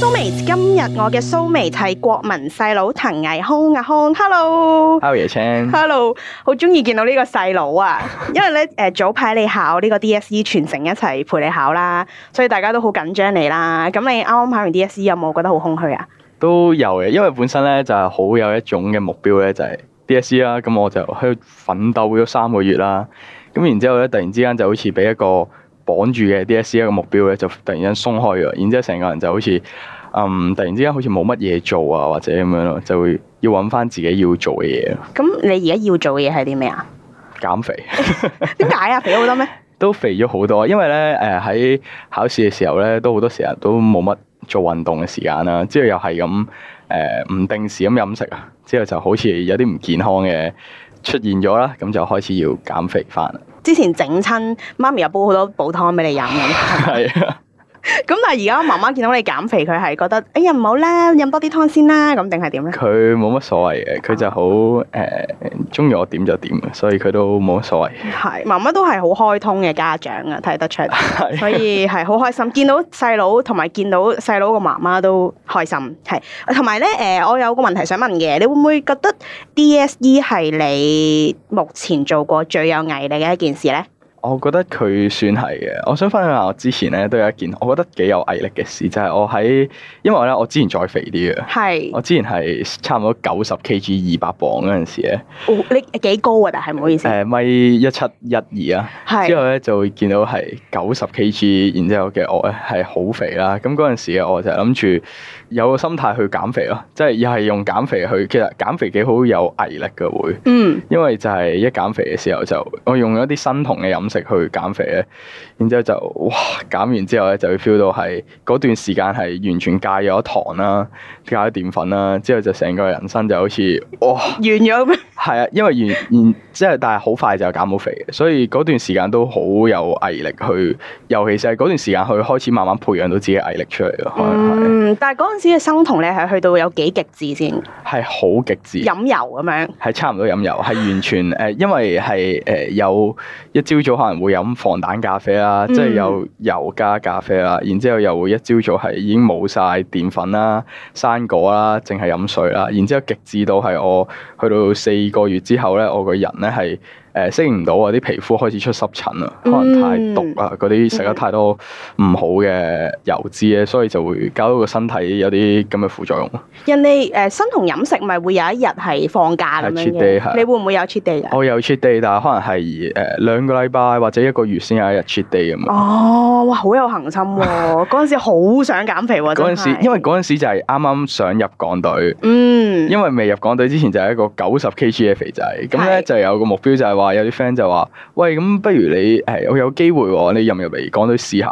蘇眉，so、mate，今日我嘅蘇眉係國民細佬滕毅康阿康，Hello，歐椰青，Hello，好鍾意見到呢個細佬啊。 因為咧誒、呃、早排你考呢個 DSE 全程一齊陪你考啦，所以大家都好緊張你啦。咁你啱啱考完 DSE 有冇覺得好空虛啊？都有嘅，因為本身咧就係、是、好有一種嘅目標咧就係、是、DSE 啦，咁我就喺度奮鬥咗三個月啦，咁然之後咧突然之間就好似俾一個。綁住嘅 DSE 一個目標咧，就突然間鬆開咗。然之後成個人就好似，嗯，突然之間好似冇乜嘢做啊，或者咁樣咯，就會要揾翻自己要做嘅嘢咯。咁你而家要做嘅嘢係啲咩啊？減肥。點解啊？肥咗好多咩？都肥咗好多，因為咧，誒、呃、喺考試嘅時候咧，都好多成日都冇乜做運動嘅時間啦。之後又係咁，誒、呃、唔定時咁飲食啊，之後就好似有啲唔健康嘅出現咗啦，咁就開始要減肥翻啦。之前整親媽咪又煲好多補湯俾你飲咁，係啊。 咁但係而家媽媽見到你減肥，佢係覺得哎呀唔好啦，飲多啲湯先啦，咁定係點咧？佢冇乜所謂嘅，佢就好誒，中意我點就點，所以佢都冇乜所謂。係媽媽都係好開通嘅家長啊，睇得出，所以係好開心見到細佬同埋見到細佬個媽媽都開心，係同埋咧，誒，我有個問題想問嘅，你會唔會覺得 DSE 係你目前做過最有毅力嘅一件事咧？我覺得佢算係嘅，我想分享下我之前咧都有一件我覺得幾有毅力嘅事，就係、係、我喺因為咧我之前再肥啲嘅，係我之前係差唔多九十 KG 二百磅嗰陣時咧、哦，你幾高啊？但係唔好意思，誒米一七一二啊，之後咧係就見到係九十 KG，然之後嘅我咧係好肥啦，咁嗰陣時我就諗住。有個心態去減肥咯，即係又係用減肥去，其實減肥幾好有毅力嘅會，嗯、因為就係一減肥嘅時候就我用咗啲生酮嘅飲食去減肥咧，然後之後就哇減完之後咧就會 feel 到係嗰段時間係完全戒咗糖啦、啊、戒咗澱粉啦、啊，之後就成個人生就好似哇 完咗。係啊，因為然然即係，但係好快就減到肥，所以嗰段時間都好有毅力去，尤其是係嗰段時間去開始慢慢培養到自己毅力出嚟咯。嗯，是但係嗰陣時嘅生酮咧係去到有幾極致先？係好極致。飲油咁樣？係差唔多飲油，係完全誒， 因為係誒有一朝早可能會飲防彈咖啡啦，即係、嗯、有油加咖啡啦，然之後又會一朝早係已經冇晒澱粉啦、生果啦，淨係飲水啦，然之後極致到係我去到四個月之後咧，我個人咧係。誒適應唔到啊！啲皮膚開始出濕疹啦，可能太毒啊，嗰啲食得太多唔好嘅油脂咧，所以就會搞到個身體有啲咁嘅副作用咯。人哋誒身同飲食咪會有一日係放假咁樣嘅，你會唔會有 cheat day？我有 cheat day，但係可能係誒兩個禮拜或者一個月先有一日 cheat day 咁啊。哦，哇！好有恆心喎，嗰陣時好想減肥喎。嗰陣時，因為嗰陣時就係啱啱想入港隊，嗯，因為未入港隊之前就係一個九十 kg 嘅肥仔，咁咧就有個目標就係。話有啲 friend 就話，喂，咁不如你誒，我有機會喎，你入唔入嚟港隊試下？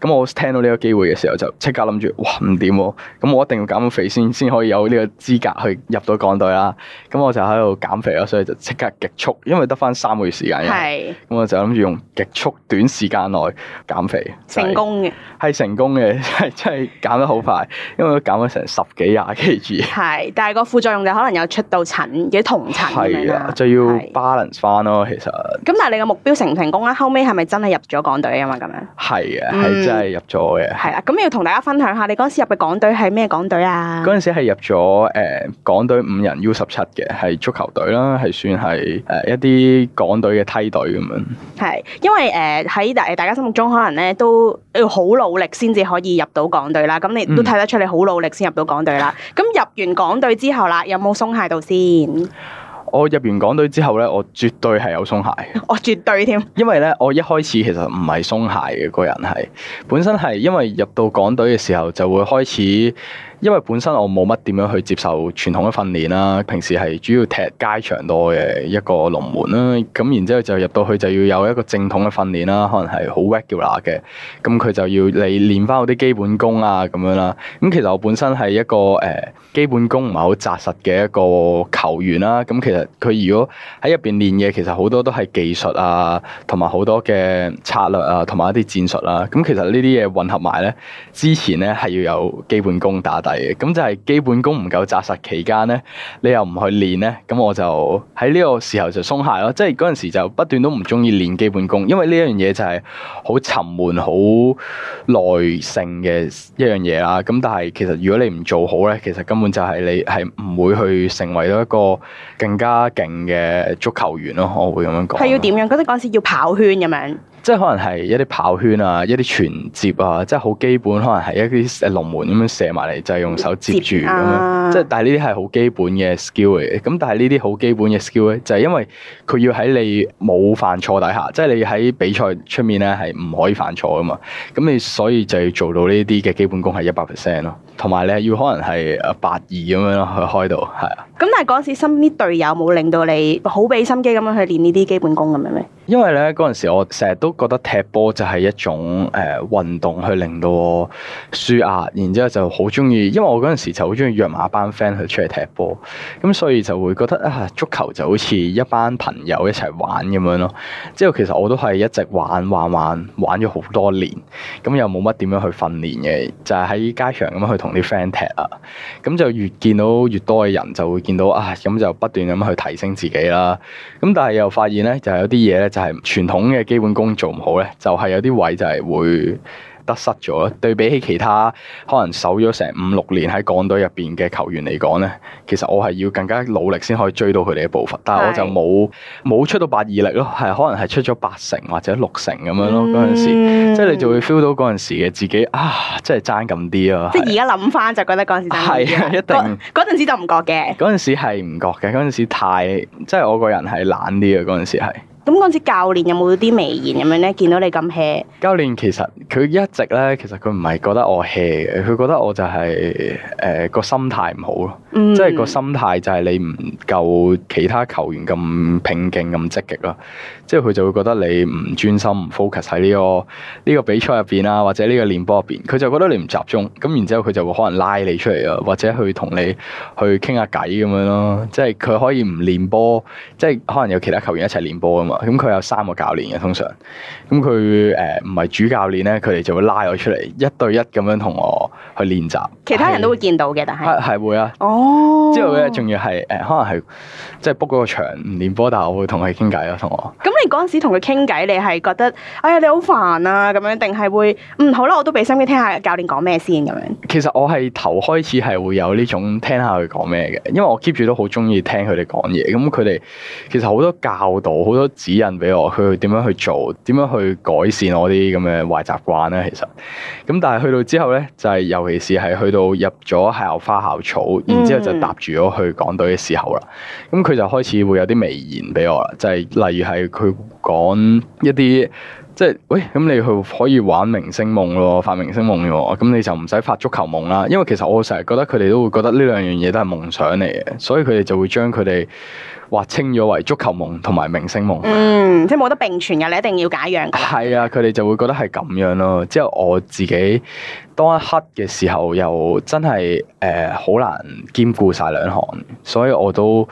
咁我聽到呢個機會嘅時候，就即刻諗住，哇，唔掂喎。咁我一定要減到肥先，先可以有呢個資格去入到港隊啦。咁我就喺度減肥咯，所以就即刻極速，因為得翻三個月時間。係。咁我就諗住用極速短時間內減肥，成功嘅。係成功嘅，真係減得好快，因為都減咗成十幾廿 KG。係，但係個副作用就可能有出到疹嘅同。係啊，就要 balance 翻。其實咁但係你嘅目標成唔成功啊？後尾係咪真係入咗港隊啊嘛？咁樣，係啊，係真係入咗嘅。係啦，咁要同大家分享下，你嗰陣時入嘅港隊係咩港隊啊？嗰陣時係入咗誒，港隊五人 U 十七嘅，係足球隊啦，係算係誒一啲港隊嘅梯隊咁樣。係，因為誒喺大大家心目中可能咧都要好努力先至可以入到港隊啦。咁你都睇得出你好努力先入到港隊啦。咁入完港隊之後啦，有冇鬆懈到先？我入完港隊之後呢，我絕對係有鬆懈，我絕對添。因為呢，我一開始其實唔係鬆懈嘅個人係，本身係因為入到港隊嘅時候就會開始。因為本身我冇乜點樣去接受傳統嘅訓練啦，平時係主要踢街場多嘅一個龍門啦、啊。咁然之後就入到去就要有一個正統嘅訓練啦，可能係好 regular 嘅。咁、嗯、佢就要你練翻嗰啲基本功啊，咁樣啦。咁、嗯、其實我本身係一個誒、呃、基本功唔係好紮實嘅一個球員啦、啊。咁其實佢如果喺入邊練嘢，其實好多都係技術啊，同埋好多嘅策略啊，同埋一啲戰術啦、啊。咁、嗯、其實呢啲嘢混合埋咧，之前咧係要有基本功打，打。係，咁就係基本功唔夠紮實期間咧，你又唔去練咧，咁我就喺呢個時候就鬆懈咯。即係嗰陣時就不斷都唔中意練基本功，因為呢一樣嘢就係好沉悶、好耐性嘅一樣嘢啦。咁但係其實如果你唔做好咧，其實根本就係你係唔會去成為到一個更加勁嘅足球員咯。我會咁樣講。係要點樣？嗰啲嗰陣時要跑圈咁樣。即係可能係一啲跑圈啊，一啲傳接啊，即係好基本，可能係一啲龍門咁樣射埋嚟，就係、是、用手接住咁樣。即係但係呢啲係好基本嘅 skill 嚟嘅。咁但係呢啲好基本嘅 skill 咧，就係因為佢要喺你冇犯錯底下，即係你喺比賽出面咧係唔可以犯錯噶嘛。咁你所以就要做到呢啲嘅基本功係一百 percent 咯。同埋你要可能係八二咁樣咯去開到係啊。咁但係嗰陣時身邊啲隊友冇令到你好俾心機咁樣去練呢啲基本功咁樣咩？因為咧嗰陣時，我成日都覺得踢波就係一種誒、呃、運動，去令到我舒壓，然之後就好中意。因為我嗰陣時就好中意約埋一班 friend 去出去踢波，咁所以就會覺得啊，足球就好似一班朋友一齊玩咁樣咯。之後其實我都係一直玩玩玩玩咗好多年，咁又冇乜點樣去訓練嘅，就係、是、喺街場咁樣去同啲 friend 踢啊。咁就越見到越多嘅人，就會見到啊，咁就不斷咁去提升自己啦。咁但係又發現咧，就係有啲嘢咧。係傳統嘅基本功做唔好咧，就係、是、有啲位就係會得失咗。對比起其他可能守咗成五六年喺港隊入邊嘅球員嚟講咧，其實我係要更加努力先可以追到佢哋嘅步伐。但係我就冇冇是出到八二力咯，係可能係出咗八成或者六成咁樣咯。嗰陣時，嗯、即係你就會 feel 到嗰陣時嘅自己啊，真係爭咁啲啊！即係而家諗翻就覺得嗰陣時係一定、啊、嗰陣時就唔覺嘅。嗰陣時係唔覺嘅，嗰陣時太即係我個人係懶啲嘅，嗰陣時係。咁嗰時，教練有冇啲微言咁樣咧？見到你咁 hea，教練其實佢一直咧，其實佢唔係覺得我 hea 嘅，佢覺得我就係誒個心態唔好咯，嗯、即係個心態就係你唔夠其他球員咁拼勁、咁積極啦，即係佢就會覺得你唔專心、唔 focus 喺呢、呢個呢、呢個比賽入邊啊，或者呢個練波入邊，佢就覺得你唔集中，咁然之後佢就會可能拉你出嚟啊，或者去同你去傾下偈咁樣咯，即係佢可以唔練波，即係可能有其他球員一齊練波啊嘛。咁佢有三個教練嘅，通常咁佢誒唔係主教練咧，佢哋就會拉我出嚟一對一咁樣同我去練習。其他人都會見到嘅，是但係是係會啊。哦，之後咧仲要係誒，可能係即係 book 嗰個場唔練波，但係我會同佢傾偈咯，同我。咁你嗰陣時同佢傾偈，你係覺得哎呀你好煩啊咁樣，定係會嗯好啦，我都俾心機聽下教練講咩先咁樣？其實我係頭開始係會有呢種聽下佢講咩嘅，因為我 keep 住都好中意聽佢哋講嘢。咁佢哋其實好多教導，好多。指引俾我，佢點樣去做，點樣去改善我啲咁嘅壞習慣咧？其實，咁但係去到之後咧，就係尤其是係去到入咗校花校草，嗯、然之後就搭住咗去港隊嘅時候啦，咁佢就開始會有啲微言俾我啦，就係例如係佢講一啲。即係，喂，咁你去可以玩明星夢咯，發明星夢嘅喎，咁你就唔使發足球夢啦。因為其實我成日覺得佢哋都會覺得呢兩樣嘢都係夢想嚟嘅，所以佢哋就會將佢哋劃清咗為足球夢同埋明星夢。嗯，即係冇得並存嘅，你一定要揀一樣。係啊，佢哋就會覺得係咁樣咯。之後我自己當一刻嘅時候，又真係誒好難兼顧晒兩行，所以我都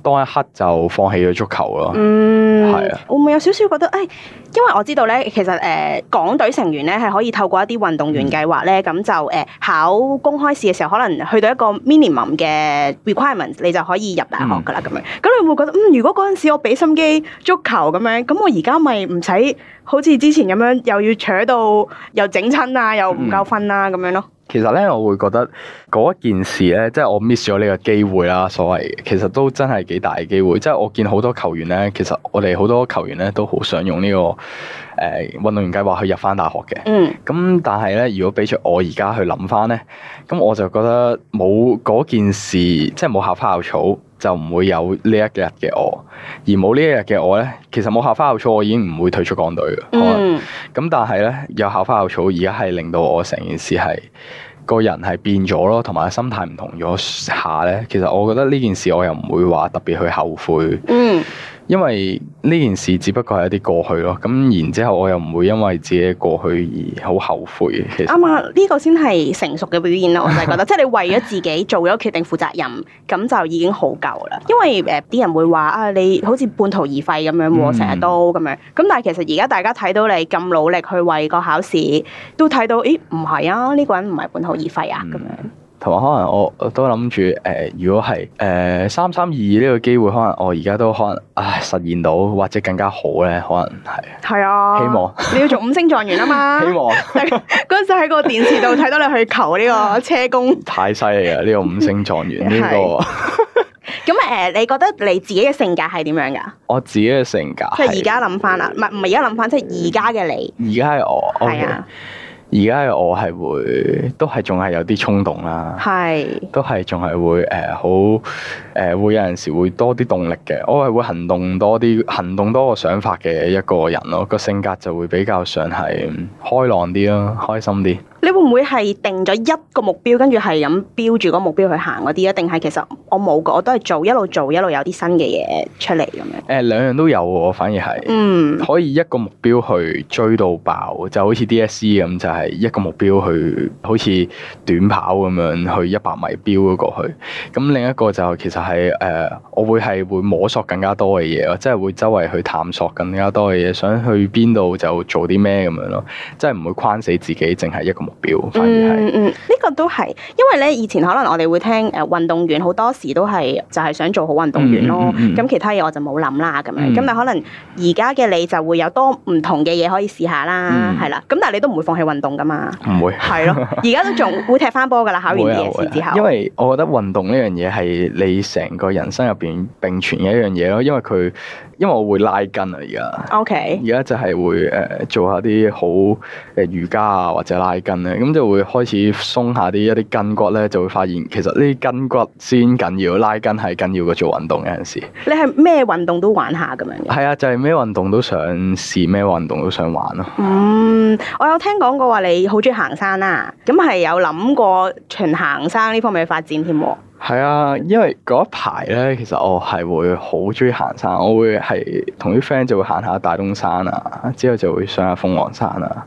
當一刻就放棄咗足球咯。嗯，係啊的，我會有少少覺得誒。因為我知道咧，其實誒、呃、港隊成員咧係可以透過一啲運動員計劃咧，咁就誒、呃、考公開試嘅時候，可能去到一個 minimum 嘅 requirements，你就可以入大學噶啦咁樣。咁、嗯、你會覺得，嗯，如果嗰陣時我俾心機足球咁樣，咁我而家咪唔使好似之前咁樣又要扯到又整親啊，又唔夠分啊咁、嗯、樣咯。其實咧我會覺得嗰件事咧，即係我 miss 咗呢個機會啦，所謂其實都真係幾大嘅機會，即係我見好多球員咧，其實我哋好多球員咧都好想用呢個誒運動員計劃去入翻大學嘅。嗯，咁但係咧如果俾出我而家去諗翻咧，咁我就覺得冇嗰件事，即係冇校花校草，就唔會有呢一日嘅我，而冇呢一日嘅我呢，其實冇校花校草，我已經唔會退出港隊嘅。咁、嗯、但係呢，有校花校草，而家係令到我成件事係個人係變咗咯，同埋心態唔同咗下呢，其實我覺得呢件事我又唔會話特別去後悔。嗯因為呢件事只不過係一啲過去咯，咁然之後我又唔會因為自己過去而好後悔嘅。啱啊，呢個先係成熟嘅表現啦，我就覺得， 即係你為咗自己做咗決定負責任，咁就已經好夠啦。因為誒，啲人會話啊，你好似半途而廢咁樣啊，嗯，成日都咁樣。咁但係其實而家大家睇到你咁努力去為個考試，都睇到，誒，唔係啊，呢個人唔係半途而廢啊，咁樣，嗯。同埋可能我都諗住，誒、呃，如果係誒三三二二呢個機會，可能我而家都可能，唉，實現到或者更加好咧，可能係啊，希望 你要做五星狀元啊嘛，希望嗰陣時喺個電視度睇到你去求呢個車工，太犀利啦！呢個五星狀元呢、呢個，咁誒，你覺得你自己嘅性格係點樣噶？我自己嘅性格即係而家諗翻啦，唔係唔係而家諗翻，即係而家嘅你，而家係我係、okay. 啊。而家嘅我係會，都係仲係有啲衝動啦，是都係仲係會誒好誒，會有陣時會多啲動力嘅，我係會行動多啲，行動多個想法嘅一個人咯，個性格就會比較上係開朗啲咯，嗯、開心啲。你會唔會係定咗一個目標，跟住係咁標住個目標去行嗰啲啊？定係其實我冇㗎，我都係做一路做一路有啲新嘅嘢出嚟咁樣。誒、呃、兩樣都有喎，反而係、嗯、可以一個目標去追到爆，就好似 DSE 咁，就係、是、一個目標去好似短跑咁樣去一百米標咗過去。咁另一個就是、其實係誒、呃，我會係會摸索更加多嘅嘢咯，即係會周圍去探索更加多嘅嘢，想去邊度就做啲咩咁樣咯，即係唔會框死自己，淨係一個目標。目標反而係，呢、嗯嗯這個都係，因為咧以前可能我哋會聽誒運動員好多時都係就係想做好運動員咯，咁、嗯嗯嗯嗯、其他嘢我就冇諗啦咁、嗯、樣，咁但可能而家嘅你就會有多唔同嘅嘢可以試下、嗯、啦，係啦，咁但係你都唔會放棄運動噶嘛，唔會，係咯，而家都仲會踢翻波噶啦，考完嘢試之後，因為我覺得運動呢樣嘢係你成個人生入邊並存嘅一樣嘢咯，因為佢，因為我會拉筋啊而家，O K，而家就係會誒、呃、做下啲好誒瑜伽啊或者拉筋。咁、嗯、就會開始鬆下啲一啲筋骨咧，就會發現其實呢啲筋骨先緊要，拉筋係緊要過做運動嗰陣時。你係咩運動都玩下咁樣？係啊，就係咩運動都想試，咩運動都想玩咯。嗯，我有聽講過話你好中意行山啦、啊，咁係有諗過循行山呢方面嘅發展添、啊。係啊，因為嗰一排咧，其實我係會好中意行山，我會係同啲 friend 就會行下大東山啊，之後就會上下鳳凰山啊。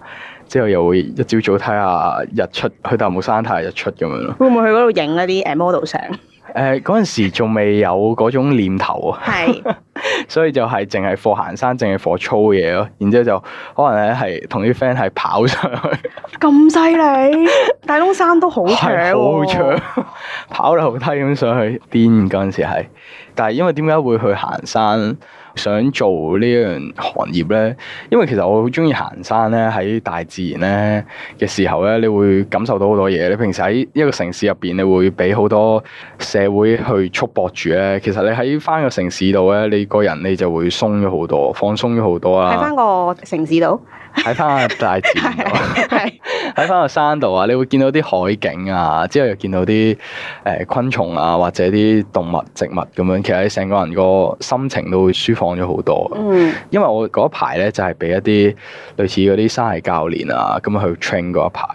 之後又會一朝早睇下日出，去大帽山睇下日出咁樣咯。會唔會去嗰度影一啲誒 model 相？誒，嗰陣、呃、時仲未有嗰種念頭啊，係 是，所以就係淨係課行山，淨係課操嘢咯。然之後就可能咧係同啲 friend 係跑上去，咁犀利！ 大東山都好長，好長，跑樓梯咁上去，邊嗰陣時係。但係因為點解會去行山？想做呢樣行業咧，因為其實我好中意行山咧，喺大自然咧嘅時候咧，你會感受到好多嘢。你平時喺一個城市入邊，你會俾好多社會去束縛住咧。其實你喺翻個城市度咧，你個人你就會鬆咗好多，放鬆咗好多啦、啊。喺翻個城市度？喺 翻大自然。喺翻 個山度啊，你會見到啲海景啊，之後又見到啲誒昆蟲啊，或者啲動物、植物咁樣，其實成個人個心情都會舒服。放咗好多，嗯、因為我嗰排咧就係、是、俾一啲類似嗰啲生涯教練啊，咁樣去 train 嗰一排，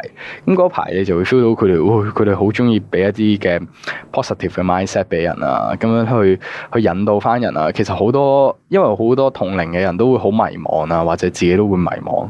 咁嗰排你就會 feel 到佢哋，佢哋好中意俾一啲嘅 positive 嘅 mindset 俾人啊，咁樣去去引導翻人啊。其實好多因為好多同齡嘅人都會好迷茫啊，或者自己都會迷茫，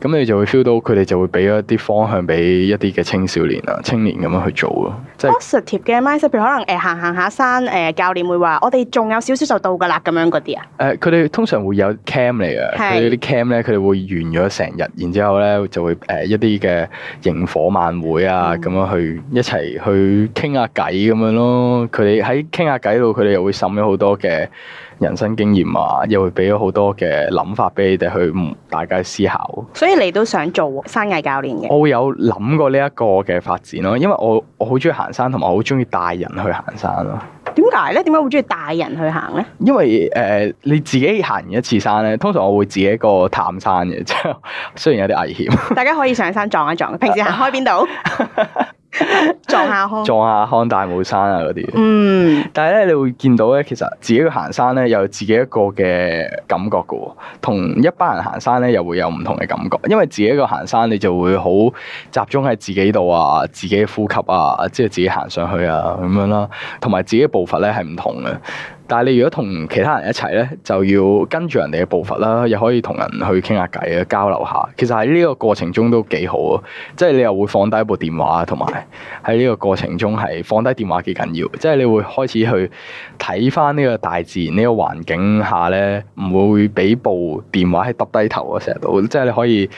咁你就會 feel 到佢哋就會俾一啲方向俾一啲嘅青少年啊、青年咁樣去做啊。即係、positive 嘅 mindset，譬如可能誒、呃、行行下山誒，教練會話我哋仲有少少就到㗎啦，咁樣嗰啲啊。誒佢哋通常會有 camp 嚟嘅，佢哋啲 camp 咧，佢哋會完咗成日，然之後咧就會誒、呃、一啲嘅營火晚會啊咁咯，嗯、樣去一齊去傾下偈咁樣咯。佢哋喺傾下偈度，佢哋又會滲咗好多嘅人生經驗啊，又會俾咗好多嘅諗法俾你哋去大家思考。所以你都想做山藝教練嘅？我有諗過呢一個嘅發展咯，因為我我好中意行山，同埋我好中意帶人去行山咯。點解咧？點解會中意帶人去行咧？因為誒、呃，你自己行完一次山咧，通常我會自己一個探山嘅，即係雖然有啲危險。大家可以上山撞一撞， 平時行開邊度？ 撞下康 撞下康大帽山啊、嗰啲。嗯，但係咧，你會見到咧，其實自己去行山咧，有自己一個嘅感覺噶喎。同一班人行山咧，又會有唔同嘅感覺。因為自己一個行山，你就會好集中喺自己度啊，自己呼吸啊，即係自己行上去啊咁樣啦。同埋自己步伐咧係唔同嘅。但係你如果同其他人一齊咧，就要跟住人哋嘅步伐啦，又可以同人去傾下偈啊，交流下。其實喺呢個過程中都幾好啊，即係你又會放低部電話，同埋喺呢個過程中係放低電話幾緊要，即係你會開始去睇翻呢個大自然呢個環境下咧，唔會俾部電話喺揼低頭啊成日都，即係你可以。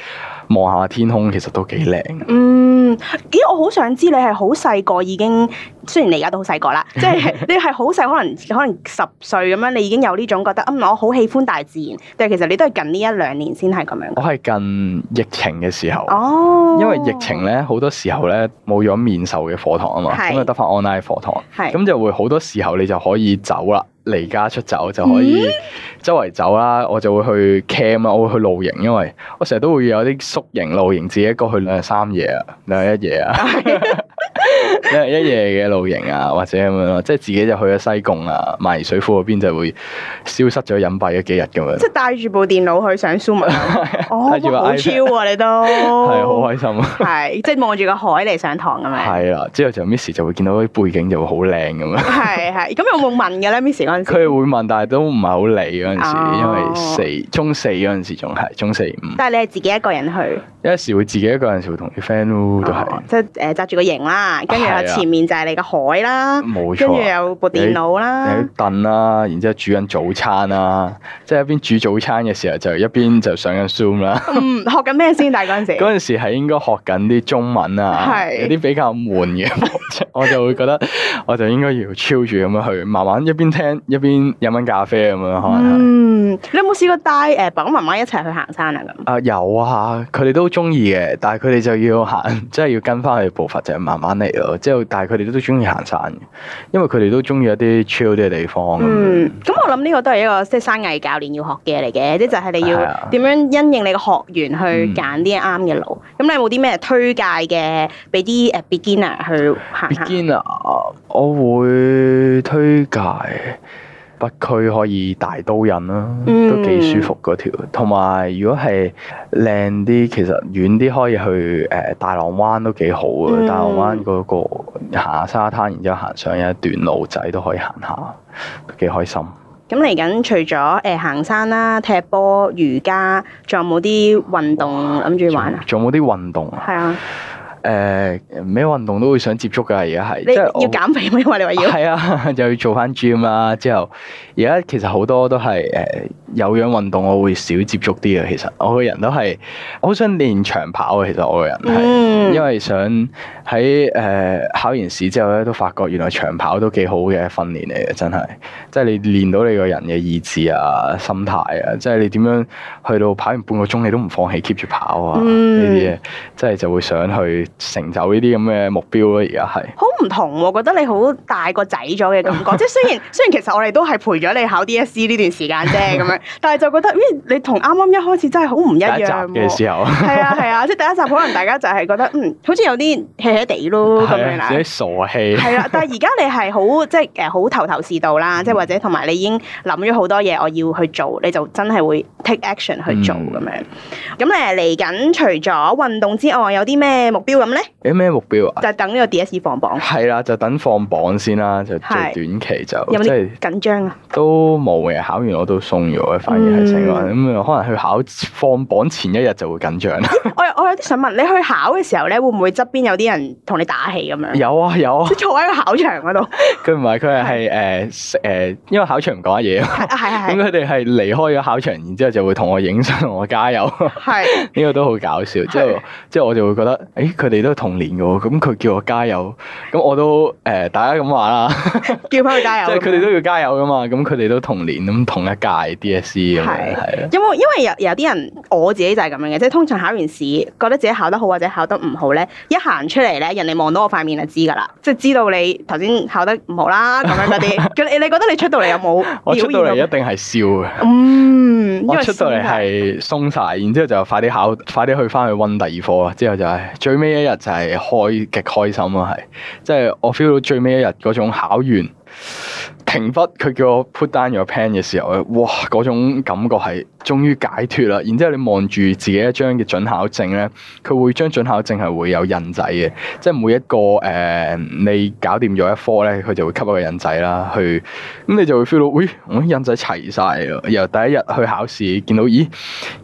望下天空其，嗯，其實都幾靚嘅。嗯，咦！我好想知你係好細個已經，雖然你而家都好細個啦，即係 你係好細可能可能十歲咁樣，你已經有呢種覺得，嗯，我好喜歡大自然。但係其實你都係近呢一兩年先係咁樣？我係近疫情嘅時候。哦。因為疫情咧，好多時候咧冇咗面授嘅課堂啊嘛，咁就得返 online 課堂。係是。咁就會好多時候你就可以走啦。離家出走就可以周圍走啦，我就會去 camp 啊，我會去露營，因為我成日都會有啲宿營露營自己過去兩日三夜啊，兩日一夜啊。 一 一夜嘅露營啊，或者咁樣咯，即係自己就去咗西貢啊、萬宜水庫嗰邊，就會消失咗、隱蔽咗幾日咁樣。即係帶住部電腦去上 zoom 啊！哦、 嗯，好超啊，你都係啊，好開心啊！係， 即係望住個海嚟上堂咁樣。係啊， 之後就 miss 就會見到啲背景就會好靚咁樣有有。係係，咁有冇問嘅咧？miss 嗰陣時佢會問，但係都唔係好理嗰陣時，哦、因為四中四嗰陣時仲係中四五。但係你係自己一個人去？有時會自己一個人，有時會同啲 friend 咯，都係、哦、即係誒，紮、呃、住個營啦。跟住 Then,、啊、前面就係你個海啦，跟住冇錯有部電腦啦，有啲凳啦，然之後煮緊早餐啦，即係一邊煮早餐嘅時候就一邊就上緊 Zoom 啦。嗯，學緊咩先？大嗰陣時嗰陣 時係應該學緊啲中文啊，有啲比較悶嘅、嗯、 我就會覺得我就應該要超住咁樣去，慢慢一邊聽一邊飲緊咖啡咁樣可能。嗯，你有冇試過帶誒爸爸媽媽一齊去行山啊？咁啊有啊，佢哋都中意嘅，但係佢哋就要行，即 係要跟翻佢步伐，就係、是、慢慢嚟咯。之後但係佢哋都都中意行山，因為佢哋都中意一啲 chill 啲嘅地方。嗯，咁我諗呢個都係一個即係山藝教練要學嘅嘢嚟嘅，即就係、係、你要點樣因應你個學員去揀啲啱嘅路。咁、嗯嗯、你有冇啲咩推介嘅俾啲誒 beginner 去行下？Beginner，我會推介。北區可以大刀飲啦，嗯、都幾舒服嗰條。同埋如果係靚啲，其實遠啲可以去誒大浪灣都幾好嘅。大浪灣嗰、嗯，那個行沙灘，然之後行上一段路仔都可以行下，都幾開心。咁嚟緊除咗誒、呃、行山啦、踢波、瑜伽，仲有冇啲運動諗住玩啊？仲有冇啲運動啊？係啊。誒，咩運動都會想接觸噶，而家係，你 即係是 要減肥嘛？你話要係啊， 就要做翻 gym 啦。之後而家其實好多都係誒、呃、有氧運動，我會少接觸啲嘅。其實我個人都係，我好想練長跑啊。其實我個人係，嗯、因為想。喺誒考完試之後咧，都發覺原來長跑都幾好嘅訓練嚟嘅，真係，即係你練到你個人嘅意志啊、心態啊，即係你點樣去到跑完半個鐘，你都唔放棄 keep 住跑啊，呢啲嘢，即係就會想去成就呢啲咁嘅目標咯，而家係。好唔同喎、啊，覺得你好大個仔咗嘅感覺， 即係雖然雖然其實我哋都係陪咗你考 DSE 呢段時間啫咁樣， 但係就覺得咦你同啱啱一開始真係好唔一樣嘅、啊、第一集時候。係啊係啊，即係第一集可能大家就係覺得嗯，好似有啲。扯地咯咁樣啦，自己傻氣。係啦，但係而家你係好即係誒好頭頭是道啦，即係或者同埋你已經諗咗好多嘢，我要去做，你就真係會 take action 去做咁樣。咁咧嚟緊除咗運動之外，有啲咩目標咁咧？有咩目標啊？就等呢個 DSE 放榜。係啦，就等放榜先啦，就最短期就。有冇啲緊張啊？都冇嘅，考完我都鬆咗反而係先啦。咁可能去考放榜前一日就會緊張。我我有啲想問，你去考嘅時候咧，會唔會側邊有啲人？同你打氣咁樣，有啊，有啊，即坐喺個考場嗰度。佢唔係，佢係係誒誒，因為考場唔講嘢啊嘛。係係係。咁佢哋係離開咗考場，然之後就會同我影相，同我加油。係。呢個都好搞笑，即即我就會覺得，誒佢哋都同年嘅喎，咁佢叫我加油，咁我都誒大家咁話啦，叫翻佢加油。即佢哋都要加油嘅嘛，咁佢哋都同年咁，同一屆 DSE 咁樣，因為有啲人，我自己就係咁樣嘅，即通常考完試，覺得自己考得好或者考得唔好咧，一行出嚟。人哋望到我塊面就知㗎喇，即係知道你頭先考得唔好啦咁樣嗰啲。你 你覺得你出到嚟有冇？ 我出到嚟一定係笑嘅。嗯，我出到嚟係鬆晒，然之後就快啲考，快啲去返去温第二科。之後就係、是、最尾一日就係開極開心啊！係，即、就、係、是、我 feel 到最尾一日嗰種考完停筆，佢叫我 put down your pen 嘅時候，哇！嗰種感覺係～終於解脫啦！然之後你望住自己一張嘅準考證咧，佢會將準考證係會有印仔嘅，即係每一個誒你搞掂咗一科咧，佢就會吸一個印仔啦。去咁你就會 feel 到，咦，我印仔齊晒咯！由第一日去考試見到，咦，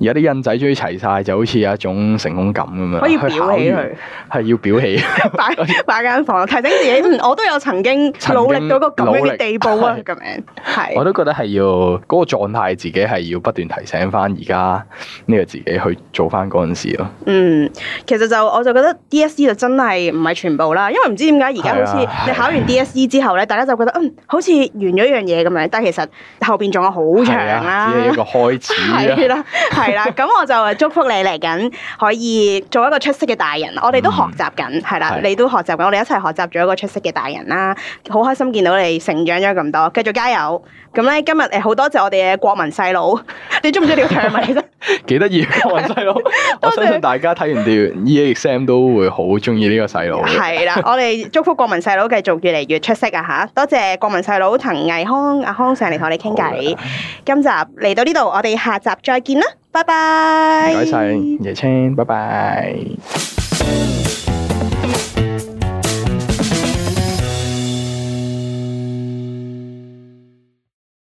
而家啲印仔終於齊晒，就好似有一種成功感咁樣。可以裱起佢，係要裱起，擺擺間房，提醒自己。我都有曾經努力到個咁樣嘅地步啊！咁樣係我都覺得係要嗰個狀態，自己係要不斷提升。請翻而家呢個自己去做翻嗰陣時咯。嗯，其實就我就覺得 DSE 就真係唔係全部啦，因為唔知點解而家好似、啊、你考完 DSE 之後咧，啊、大家就覺得嗯，好似完咗一樣嘢咁樣，但係其實後邊仲有好長啦、啊。啊、只係一個開始啦、啊，係啦、啊，係啦、啊。咁、啊 嗯、我就祝福你嚟緊可以做一個出色嘅大人。我哋都學習緊，係啦、啊，啊、你都學習緊，我哋一齊學習咗一個出色嘅大人啦。好開心見到你成長咗咁多，繼續加油！咁咧今日誒好多謝我哋嘅國民細佬， 你終 唔知點睇啊！其實幾得意個細佬，我哋細佬 我相信大家睇完啲 exam 都會好中意呢個細佬。係 啦，我哋祝福國民細佬繼續越嚟越出色啊！吓，多謝國民細佬滕毅康阿康上嚟同我哋傾偈。的今集嚟到呢度，我哋下集再見啦，拜拜。唔該晒，椰青，拜拜。Bye bye